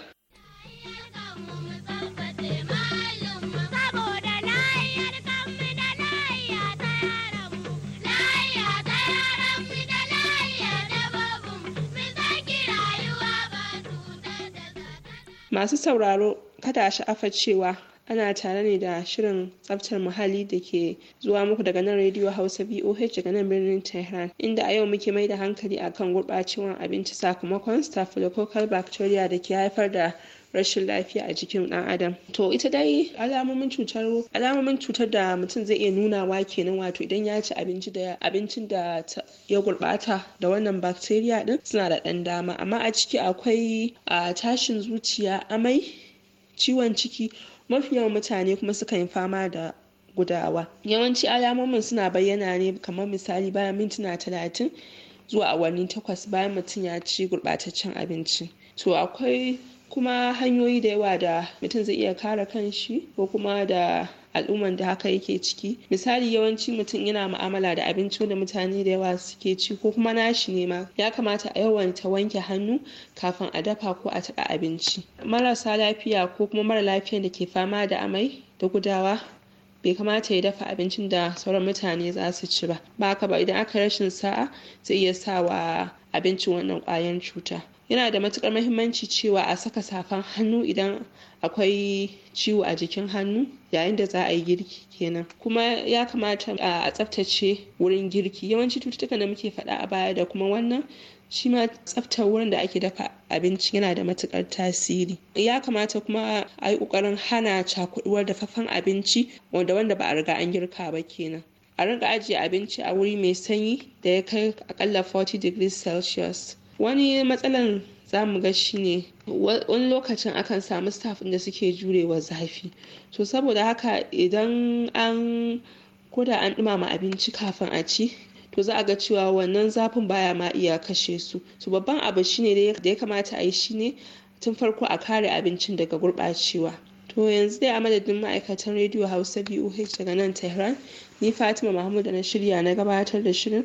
Masu sauraro kada a sha'afa cewa ana tare ne da shirin tsaftar muhalli da ke zuwa muku daga nan rediyo hausa boh daga nan birnin tehran inda a yau muke mai da hankali akan gurɓacewan abinci sakamakon staphylococcal bacteria da ke haifar da rashin lafiya a jikin ɗan adam to ita dai alamomin cutar alamomin cutar da mutum zai iya nunawa kenan wato idan ya ci abinci da abincin da ya gurbata da wannan bacteria din suna da ɗan dama amma a ciki akwai tashin zuciya amai ciwon ciki mafi yawan mutane kuma suka yi fama da gudawa yawanci alamomin suna bayyana ne kamar misali bayan mintuna talatin zuwa awanni takwas bayan mutum ya ci gurbataccen abinci to akwai kuma hanyoyi da yawa da mutum zai iya kare kanshi ko kuma da al'umman da haka yake ciki misali yawanci mutum yana mu'amala da abinci da mutane da yawa suke ci ko kuma nashi ne ma ya kamata a yawanta wanke hannu kafin a dafa ko a taɓa abinci marasa lafiya ko kuma mara lafiyan da ke fama da amai da gudawa bai kamata ya dafa abincin da sauran mutane za su ci ba ba haka ba idan aka rashin sa'a zai iya sawa abincin wannan kwayan cuta yana da matukar mahimmanci cewa a saka safan hannu idan akwai ciwo a jikin hannu yayin da za a yi girki kenan kuma ya kamata a tsaftace wurin girki yawanci cututtukan da muke faɗa a baya da kuma wannan shi ma tsaftar wurin da ake dafa abinci yana da matukar tasiri ya kamata kuma a yi ƙoƙarin hana cakuɗuwar dafaffen abinci wanda wanda ba a riga an girka ba kenan a rinka ajiye abinci a wuri mai sanyi da ya kai akalla 40 degrees celsius wani matsalan za mu ga shine wani lokacin akan samu staff da suke jurewa zafi to saboda haka idan an koda an dumama abinci kafin a ci to za a ga cewa wannan zafin baya ma iya kashe su to babban abu shine da ya kamata a yi shine tun farko a kare abincin daga gurɓacewa to yanzu dai a madadin ma'aikatan rediyo hausa boh daga nan tehran ni fatima mahmud da na shirya na gabatar da shirin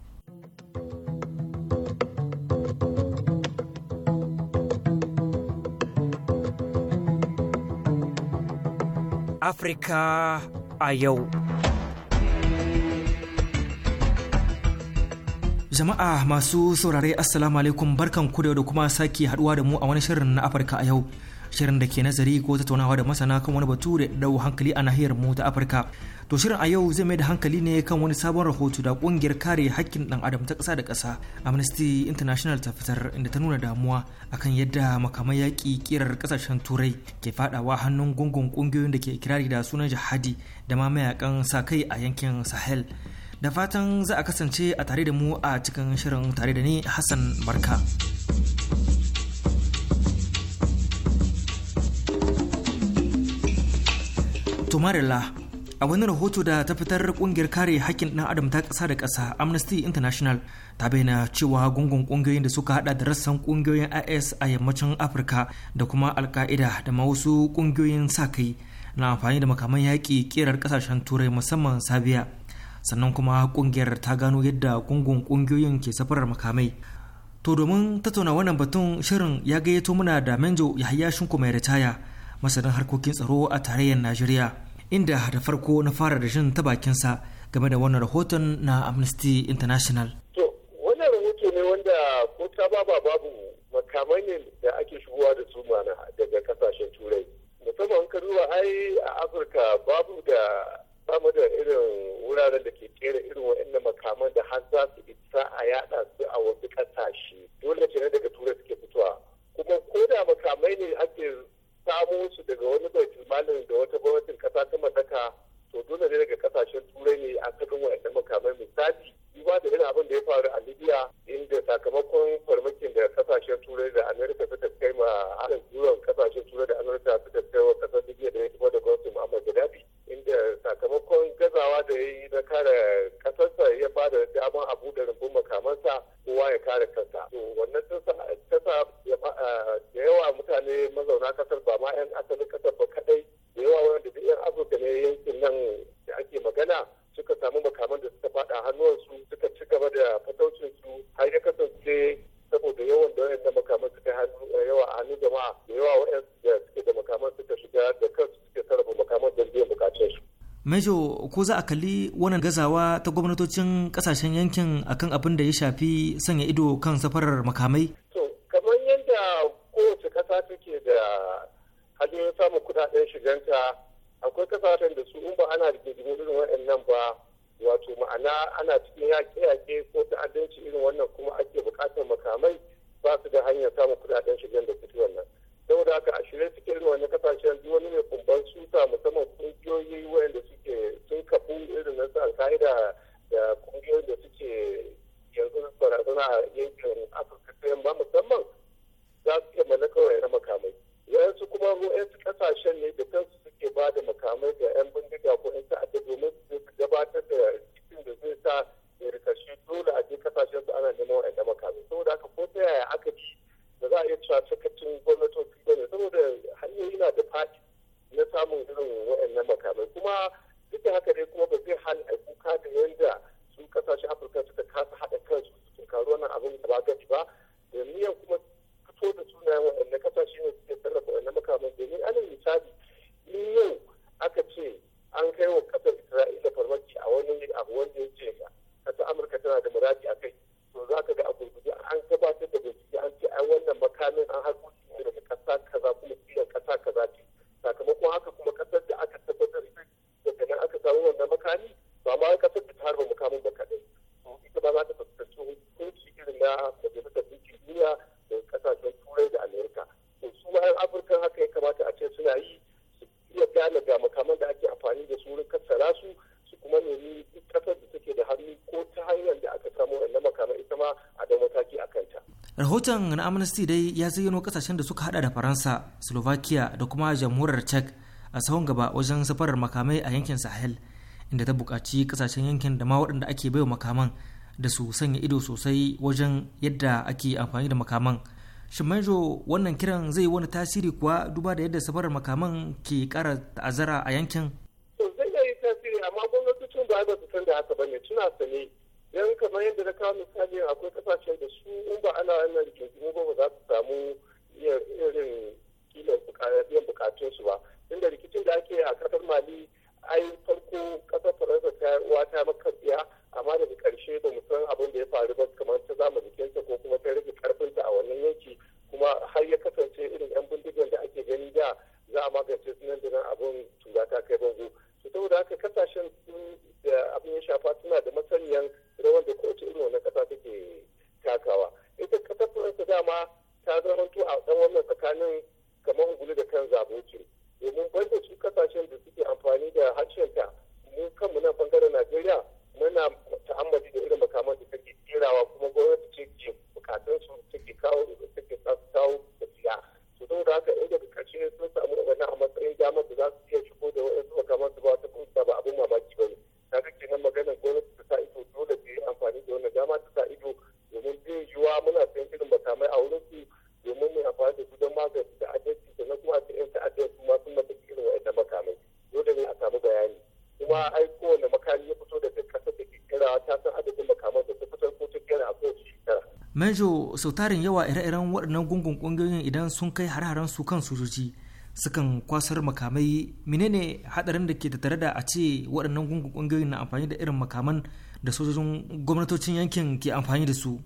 Afirka a yau. Jama'a masu saurare Assalamu alaikum barkan ku da kuma sake haduwa da mu a wani shirin na Afirka a yau. shirin da ke nazari ko tattaunawa da masana kan wani batu da dau hankali a nahiyar mu ta Afirka. To shirin a yau zai mai da hankali ne kan wani sabon rahoto da kungiyar kare hakkin dan adam ta ƙasa da ƙasa Amnesty International ta fitar inda ta nuna damuwa akan yadda makamai yaƙi kirar ƙasashen Turai ke fadawa hannun gungun kungiyoyin da ke kirari da sunan jihadi da ma mayakan sa kai a yankin Sahel. da fatan za a kasance a tare da mu a cikin shirin tare da ni hassan barka Tumarilla a wani rahoto da ta fitar kungiyar kare hakkin ɗan adam ta ƙasa da ƙasa amnesty international ta bayyana cewa gungun ƙungiyoyin da suka hada da rassan kungiyoyin is a yammacin afirka da kuma alka'ida da ma wasu ƙungiyoyin sa kai na amfani da makaman yaƙi ƙirar ƙasashen turai musamman sabiya sannan kuma kungiyar ta gano yadda gungun ƙungiyoyin ke safarar makamai to domin tattauna wannan batun shirin ya gayyato muna da menjo yahaya shinku mai ritaya masanin harkokin tsaro a tarayyar najeriya inda da farko na fara da jin ta bakinsa game da wannan rahoton na amnesty international to wannan rahoto ne wanda ko ta baba babu makamai ne da ake shigowa da su mana daga kasashen turai musamman ka ai a afirka babu da samu da irin wuraren da ke kera irin waɗannan makaman da har za su isa a yada su a wasu kasashe dole ne daga turai suke fitowa kuma ko da makamai ne ake samo su daga wani baitul malin da wata gwamnatin kasa ta mallaka to dole ne daga kasashen turai ne a cikin wa'annan makamai misali duba da irin abin da ya faru a libya inda sakamakon Nigel ko za a kalli wannan gazawa ta gwamnatocin kasashen yankin akan abin da ya shafi sanya ido kan safarar makamai rahoton na amnesty dai ya zayyano kasashen da suka hada da faransa slovakia da kuma jamhuriyar czech a sahun gaba wajen safarar makamai a yankin sahel inda ta bukaci kasashen yankin da ma waɗanda ake baiwa makaman da su sanya ido sosai wajen yadda ake amfani da makaman shimanjo wannan kiran zai wani tasiri kuwa duba da yadda safarar makaman ke kara ta'azara a yankin banjo sau tarin yawa ire-iren waɗannan gungun ƙungiyoyin idan sun kai har-haren su kan sojoji sukan kwasar makamai menene hadarin da ke tattare da a ce waɗannan gungun ƙungiyoyin na amfani da irin makaman da sojojin gwamnatocin yankin ke amfani da su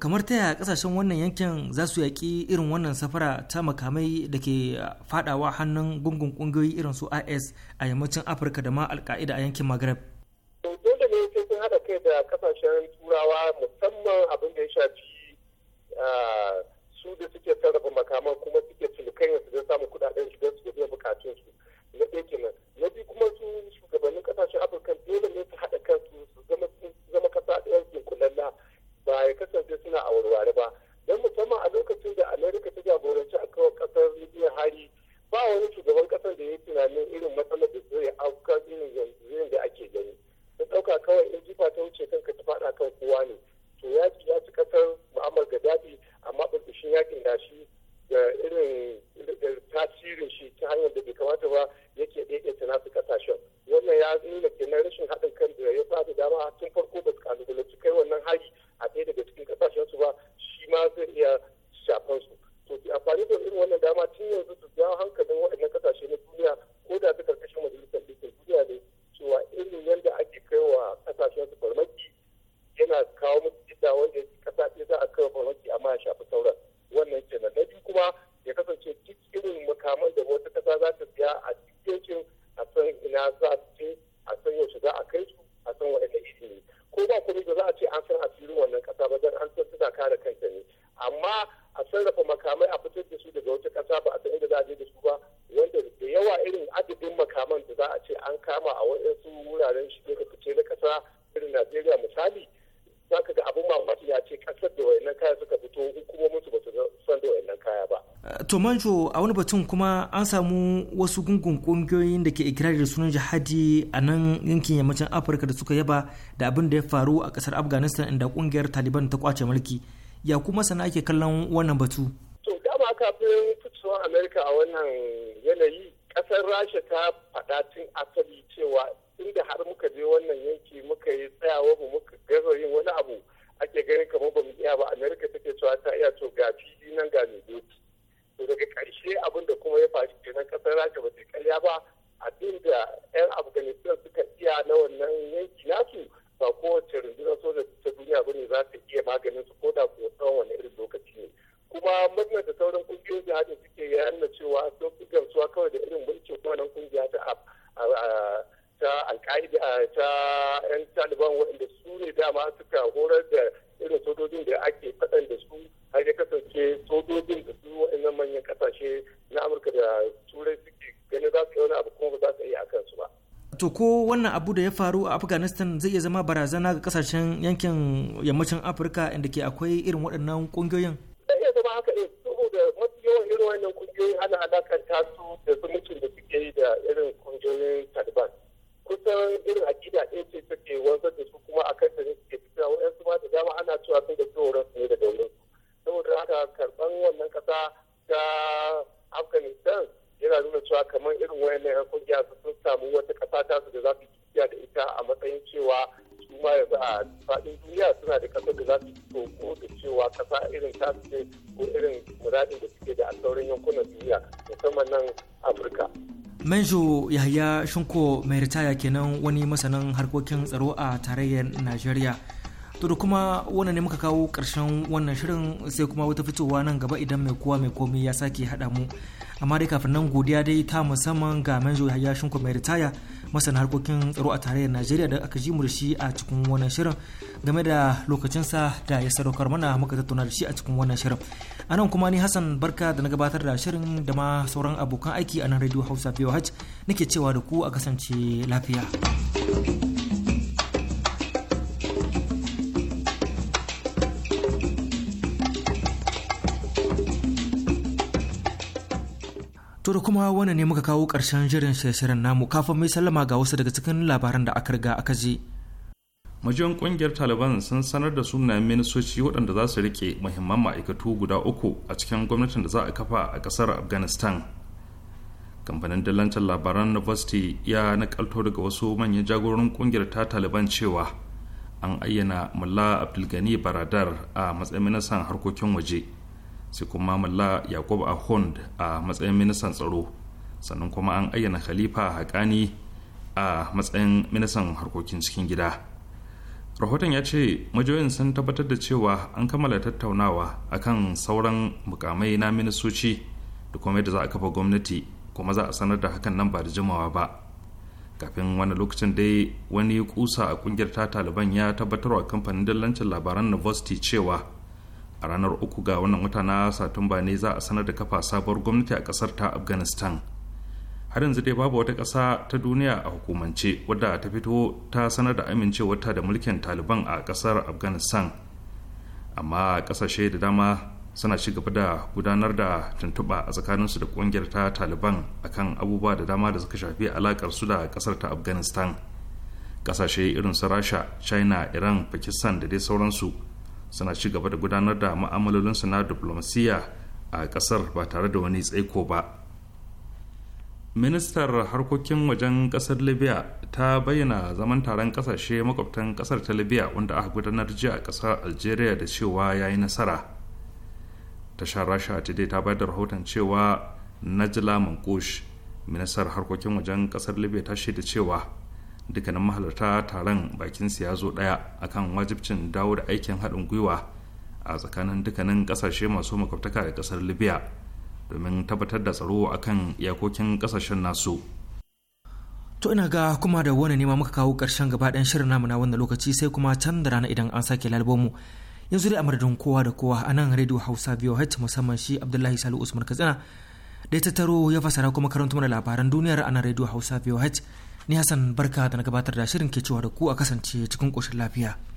kamar ta yaya kasashen wannan yankin za su yaƙi irin wannan safara ta makamai da ke fadawa hannun gungun kungiyoyi irin su is a yammacin afirka da ma alka'ida a yankin maghreb dole ne sun haɗa kai da kasashen turawa musamman abin da ya shafi su da suke sarrafa makaman kuma suke cinikanya su don samun kuɗaɗen su don su biya bukatun su na ɗaya kenan na biyu kuma su shugabannin kasashen afirka dole ne su haɗa kansu su zama kasa ɗaya yankin kulalla ba ya kasance suna a warware ba don musamman a lokacin da amerika ta jagoranci a kawo kasar libya hari ba wani shugaban kasar da ya yi tunanin irin matsalar da zai auka irin yanzu da ake gani ta dauka kawai in jifa ta wuce kanka ta faɗa kan kowa ne to ya ci kasar mu'amar gaddafi amma ɓarɓashin yakin da shi da irin tasirin shi ta hanyar da bai kamata ba yake daidaita nasu kasashen wannan ya nuna kenan rashin haɗin kan da ya ba da dama tun farko ba su kalubalanci kai wannan hari a ɗaya daga cikin kasashen su ba shi ma zai iya shafan su to ki amfani da irin wannan dama tun yanzu su jawo hankalin waɗannan kasashe na duniya ko da ta ƙarƙashin majalisar ɗinkin duniya ne cewa irin yadda ake kai wa kasashen su farmaki yana kawo musu gida wanda kasa za a kai farmaki amma ya shafi sauran wannan kenan na biyu kuma ya kasance duk irin makaman da wata kasa za ta siya a cikin a san ina za a ce a san yaushe za a kai su a san waɗanda iri ne ko ba kuma ba za a ce an san asirin wannan kasa ba dan an san suna kare kanta ne amma a sarrafa makamai a fitar da su daga wata kasa ba a san inda za a je da su ba wanda da yawa irin adadin makaman da za a ce an kama a waɗansu wuraren shige da fice na kasa irin Najeriya misali za ga abin mamaki ya ce kasar da wayannan kaya suka fito hukumomin su ba su san da wayannan kaya ba. Eh, to manjo a wani batun kuma an samu wasu gungun kungiyoyin da ke ikirari da sunan jihadi a nan yankin yammacin afirka da suka yaba da abin da ya faru a kasar afghanistan inda kungiyar taliban ta kwace mulki ya kuma sana ake kallon wannan batu. to dama kafin fitowar amerika a wannan yanayi kasar rasha ta faɗa tun asali cewa inda har muka je wannan yanki muka yi tsayawa mu muka gaza yin wani abu ake ganin kamar ba mu iya ba amerika take cewa ta iya to ga fili nan ga mai doki to daga karshe abin da kuma ya faru kenan kasar rasha ba ta karya ba abin da yan afghanistan suka iya na wannan yanki nasu ba kowace rundunar soja ta duniya ba ne za ta iya maganin su ko da ko tsawon wani irin lokaci ne kuma murnar da sauran kungiyoyin jihadin suke ya nuna cewa sun fi gamsuwa kawai da irin mulkin wannan kungiya ta a ta alƙa'ida ta 'yan taliban waɗanda su ne dama suka horar da irin sojojin da ake faɗan da su har ya kasance sojojin da su waɗannan manyan ƙasashe na amurka da turai suke ganin za su yi wani abu kuma ba za su yi a kansu ba. to ko wannan abu da ya faru a afghanistan zai iya zama barazana ga kasashen yankin yammacin afirka inda ke akwai irin waɗannan ƙungiyoyin. zai iya zama haka ne saboda mafi yawan irin wannan ƙungiyoyin ana alakanta su da zumuncin da suke yi da irin ƙungiyoyin taliban kusan irin akida ɗaya ce take wanzar da su kuma a kan da suke fita waɗansu ma da dama ana cewa sun da tsoron su ne da domin saboda haka karban wannan kasa ta afghanistan yana nuna cewa kamar irin wayannan yan kungiya sun samu wata kasa ta su da za su yi da ita a matsayin cewa su ma yanzu a faɗin duniya suna da kasar da za su yi ko da cewa kasa irin ta ce ko irin muradin da suke da a sauran yankunan duniya musamman nan afirka. Manjo Yahya Shinko mai ritaya kenan wani masanin harkokin tsaro a tarayyar Najeriya. To da kuma wannan ne muka kawo ƙarshen wannan shirin sai kuma wata fitowa nan gaba idan mai kowa mai komi ya sake haɗa mu. Amma dai kafin nan godiya dai ta musamman ga Manjo Yahya Shinko mai ritaya masana harkokin tsaro a tarayyar najeriya da aka ji mu da shi a cikin wannan shirin game da lokacinsa da ya sadaukar mana muka tattauna da shi a cikin wannan shirin a nan kuma ni hassan barka da na gabatar da shirin da ma sauran abokan aiki a nan radio hausa voh nake cewa da ku a kasance lafiya. To da kuma wannan ne muka kawo ƙarshen jirin shirin namu kafin mai sallama ga wasu daga cikin labaran da aka riga aka je. Majiyan ƙungiyar Taliban sun sanar da sunayen ministoci waɗanda za su rike muhimman ma'aikatu guda uku a cikin gwamnatin da za a kafa a ƙasar Afghanistan. Kamfanin dillancin labaran Novosti ya nakalto daga wasu manyan jagororin kungiyar ta Taliban cewa an ayyana Mullah Abdulgani Baradar a matsayin ministan harkokin waje. sai kuma malla yakub ahund a matsayin ministan tsaro sannan kuma an ayyana khalifa hakani a matsayin ministan harkokin cikin gida rahoton ya ce majoyin sun tabbatar da cewa an kammala tattaunawa akan sauran mukamai na ministoci da kuma yadda za a kafa gwamnati kuma za a sanar da hakan nan ba da jimawa ba kafin wani lokacin dai wani kusa a kungiyar ta taliban ya tabbatar wa kamfanin dillancin labaran na cewa a ranar uku ga wannan wata na satumba ne za a sanar da kafa sabuwar gwamnati a kasar ta afghanistan har yanzu dai babu wata ƙasa ta duniya a hukumance wadda ta fito ta sanar da amincewarta da mulkin taliban a ƙasar afghanistan amma ƙasashe da dama suna ci gaba da gudanar da tuntuɓa a tsakaninsu da ƙungiyar ta taliban akan abubuwa da dama da suka shafi alaƙar su da ƙasar ta afghanistan ƙasashe irin su rasha china iran pakistan da dai sauransu suna ci gaba da gudanar da ma'amalolinsu na diplomasiya a kasar ba tare da wani tsaiko ba ministar harkokin wajen kasar libya ta bayyana zaman taron kasashe makwabtan kasar ta libya wanda aka gudanar jiya a kasar algeria da cewa ya yi nasara tasha rasha today ta bayar da rahoton cewa najla mankush ministar harkokin wajen kasar libya ta shaida cewa dukkanin mahalarta taron bakin ya zo daya akan wajibcin dawo da aikin haɗin gwiwa a tsakanin dukkanin ƙasashe masu makwabtaka da ƙasar libya domin tabbatar da tsaro akan iyakokin ƙasashen nasu to ina ga kuma da wani nema muka kawo ƙarshen gaba ɗayan shirin namu na wannan lokaci sai kuma can da rana idan an sake lalbomu yanzu dai a madadin kowa da kowa a nan rediyo hausa biyu musamman shi abdullahi salu usman katsina da ya tattaro ya fasara kuma karanta mana labaran duniyar a nan rediyo hausa biyu ni hassan barka da na gabatar da shirin ke cewa da ku a kasance cikin koshin lafiya